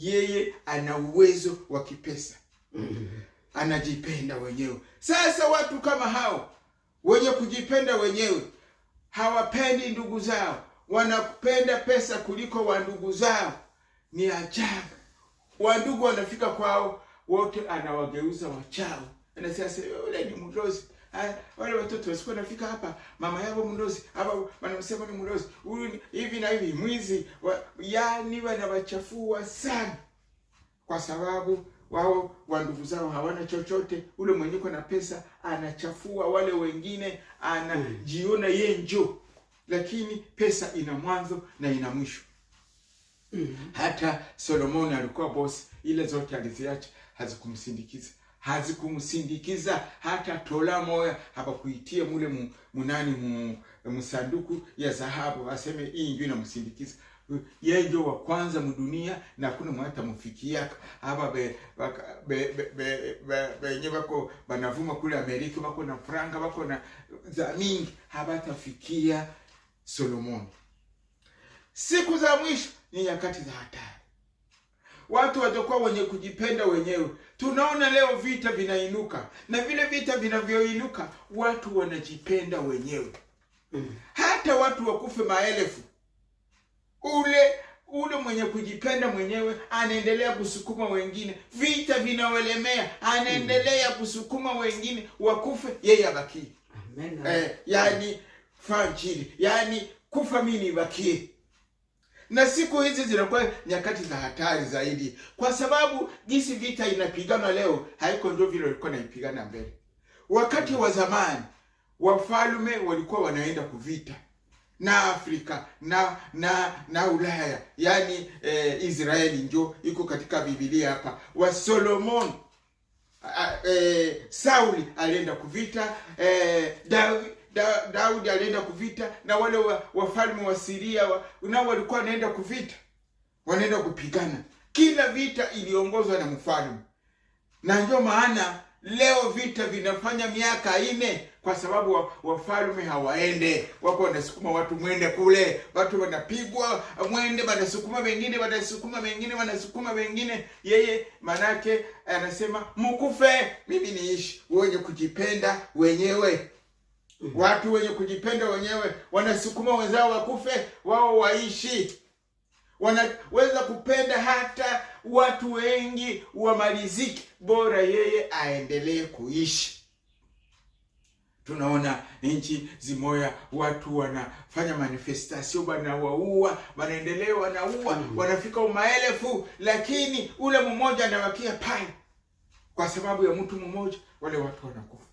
yeye ana uwezo wa kipesa, mm-hmm. anajipenda wenyewe. Sasa watu kama hao wenye kujipenda wenyewe hawapendi ndugu zao, wanapenda pesa kuliko wandugu zao. Ni ajabu, wandugu wanafika kwao wote, anawageuza wachao, anasema yule ni mdozi Eh, wale watoto wasikuwa nafika hapa, mama yao mlozi hapa, wanamsema ni mlozi huyu hivi na hivi, mwizi wa, yani wanawachafua sana, kwa sababu wao wa ndugu zao hawana chochote. Ule mwenye uko na pesa anachafua wale wengine, anajiona mm. ye njo, lakini pesa ina mwanzo na ina mwisho mm. hata Solomoni alikuwa bosi, ile zote aliziacha hazikumsindikiza hazikumsindikiza hata tola moya, hapakuitia mule munani msanduku ya zahabu aseme hii ndio inamsindikiza yeye ndio wa kwanza mdunia na kuna mwata mufikiaka aba be be be benye bako banavuma kule Amerika bako na franga bako na za mingi habatafikia Solomoni. Siku za mwisho ni nyakati za hatari watu watakuwa wenye kujipenda wenyewe. Tunaona leo vita vinainuka, na vile vita vinavyoinuka watu wanajipenda wenyewe mm. hata watu wakufe maelfu, ule ule mwenye kujipenda mwenyewe anaendelea kusukuma wengine, vita vinaelemea anaendelea mm. kusukuma wengine wakufe, yeye abakie. Amen. Eh, yani fanchili, yani kufa mimi nibakie na siku hizi zinakuwa nyakati za hatari zaidi, kwa sababu jinsi vita inapiganwa leo haiko ndio vile walikuwa naipigana mbele. Wakati wa zamani wafalme walikuwa wanaenda kuvita na Afrika na na na Ulaya, yaani eh, Israeli njo iko katika Biblia hapa wa Solomon. Eh, Sauli alienda kuvita e, da, Daudi alienda kuvita na wale wafalme wa, Siria wa, nao walikuwa wanaenda kuvita, wanaenda kupigana. Kila vita iliongozwa na mfalme, na ndio maana leo vita vinafanya miaka ine kwa sababu wafalme wa hawaende, wako wanasukuma watu mwende kule, watu wanapigwa, mwende, wanasukuma wengine, wanasukuma wengine, wanasukuma wengine. Yeye manake anasema mkufe, mimi niishi, wenye kujipenda wenyewe. Mm-hmm. Watu wenye kujipenda wenyewe wanasukuma wenzao wakufe, wao waishi. Wanaweza kupenda hata watu wengi wamaliziki, bora yeye aendelee kuishi. Tunaona nchi zimoya watu wanafanya manifestasio, wanawaua, wanaendelea, wanaua mm. wanafika umaelefu lakini ule mmoja anawakia pale. Kwa sababu ya mtu mmoja, wale watu wanakufa,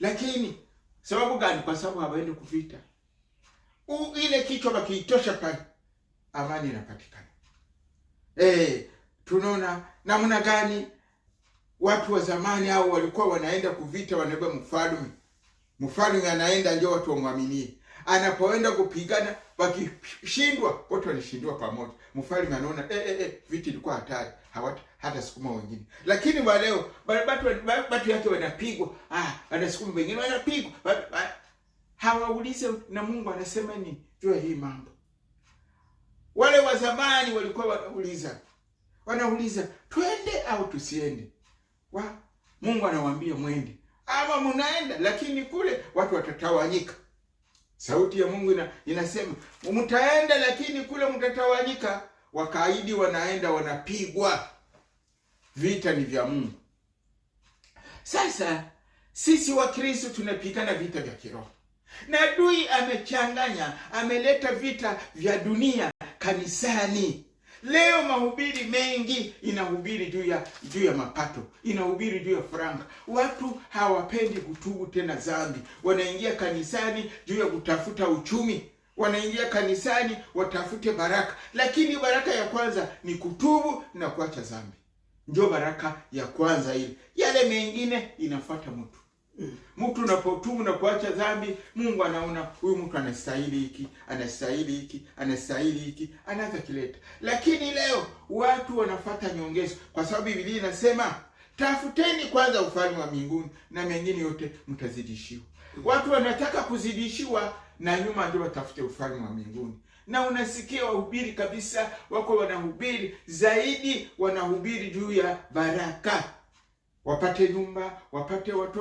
lakini Sababu gani? Kwa sababu hawaendi kuvita. Ile kichwa wakiitosha pale, amani inapatikana. E, tunaona namna gani watu wa zamani au walikuwa wanaenda kuvita, wanaba mfalme. Mfalme anaenda ndio watu wamwaminie anapoenda kupigana wakishindwa, wote wanashindwa pamoja. Mfalme anaona eh, eh, eh, vita ilikuwa hatari, hawata hata sukuma wengine, lakini waleo batu yake wanapigwa, ah, wanasukuma wengine wanapigwa, hawaulize na Mungu anasema ni jua hii mambo. Wale wa zamani walikuwa wanauliza wanauliza twende au tusiende, wa Mungu anawaambia mwende ama mnaenda lakini kule watu watatawanyika. Sauti ya Mungu ina, inasema mtaenda, lakini kule mtatawanyika. Wakaidi wanaenda wanapigwa Vita ni vya Mungu. Sasa sisi wa Kristo tunapigana vita vya kiroho, na adui amechanganya, ameleta vita vya dunia kanisani. Leo mahubiri mengi inahubiri juu ya juu ya mapato, inahubiri juu ya faranga. Watu hawapendi kutubu tena dhambi, wanaingia kanisani juu ya kutafuta uchumi, wanaingia kanisani watafute baraka, lakini baraka ya kwanza ni kutubu na kuacha dhambi ndio baraka ya kwanza ile. Yale mengine inafuata mtu mm. mtu unapotubu na kuacha dhambi, Mungu anaona huyu mtu anastahili hiki, anastahili hiki, anastahili hiki, anaweza kileta. Lakini leo watu wanafata nyongezo, kwa sababu Biblia inasema tafuteni kwanza ufalme wa mbinguni na mengine yote mtazidishiwa. Mm. Watu wanataka kuzidishiwa na nyuma ndio watafute ufalme wa mbinguni. Na unasikia wahubiri kabisa wako wanahubiri zaidi, wanahubiri juu ya baraka, wapate nyumba, wapate watu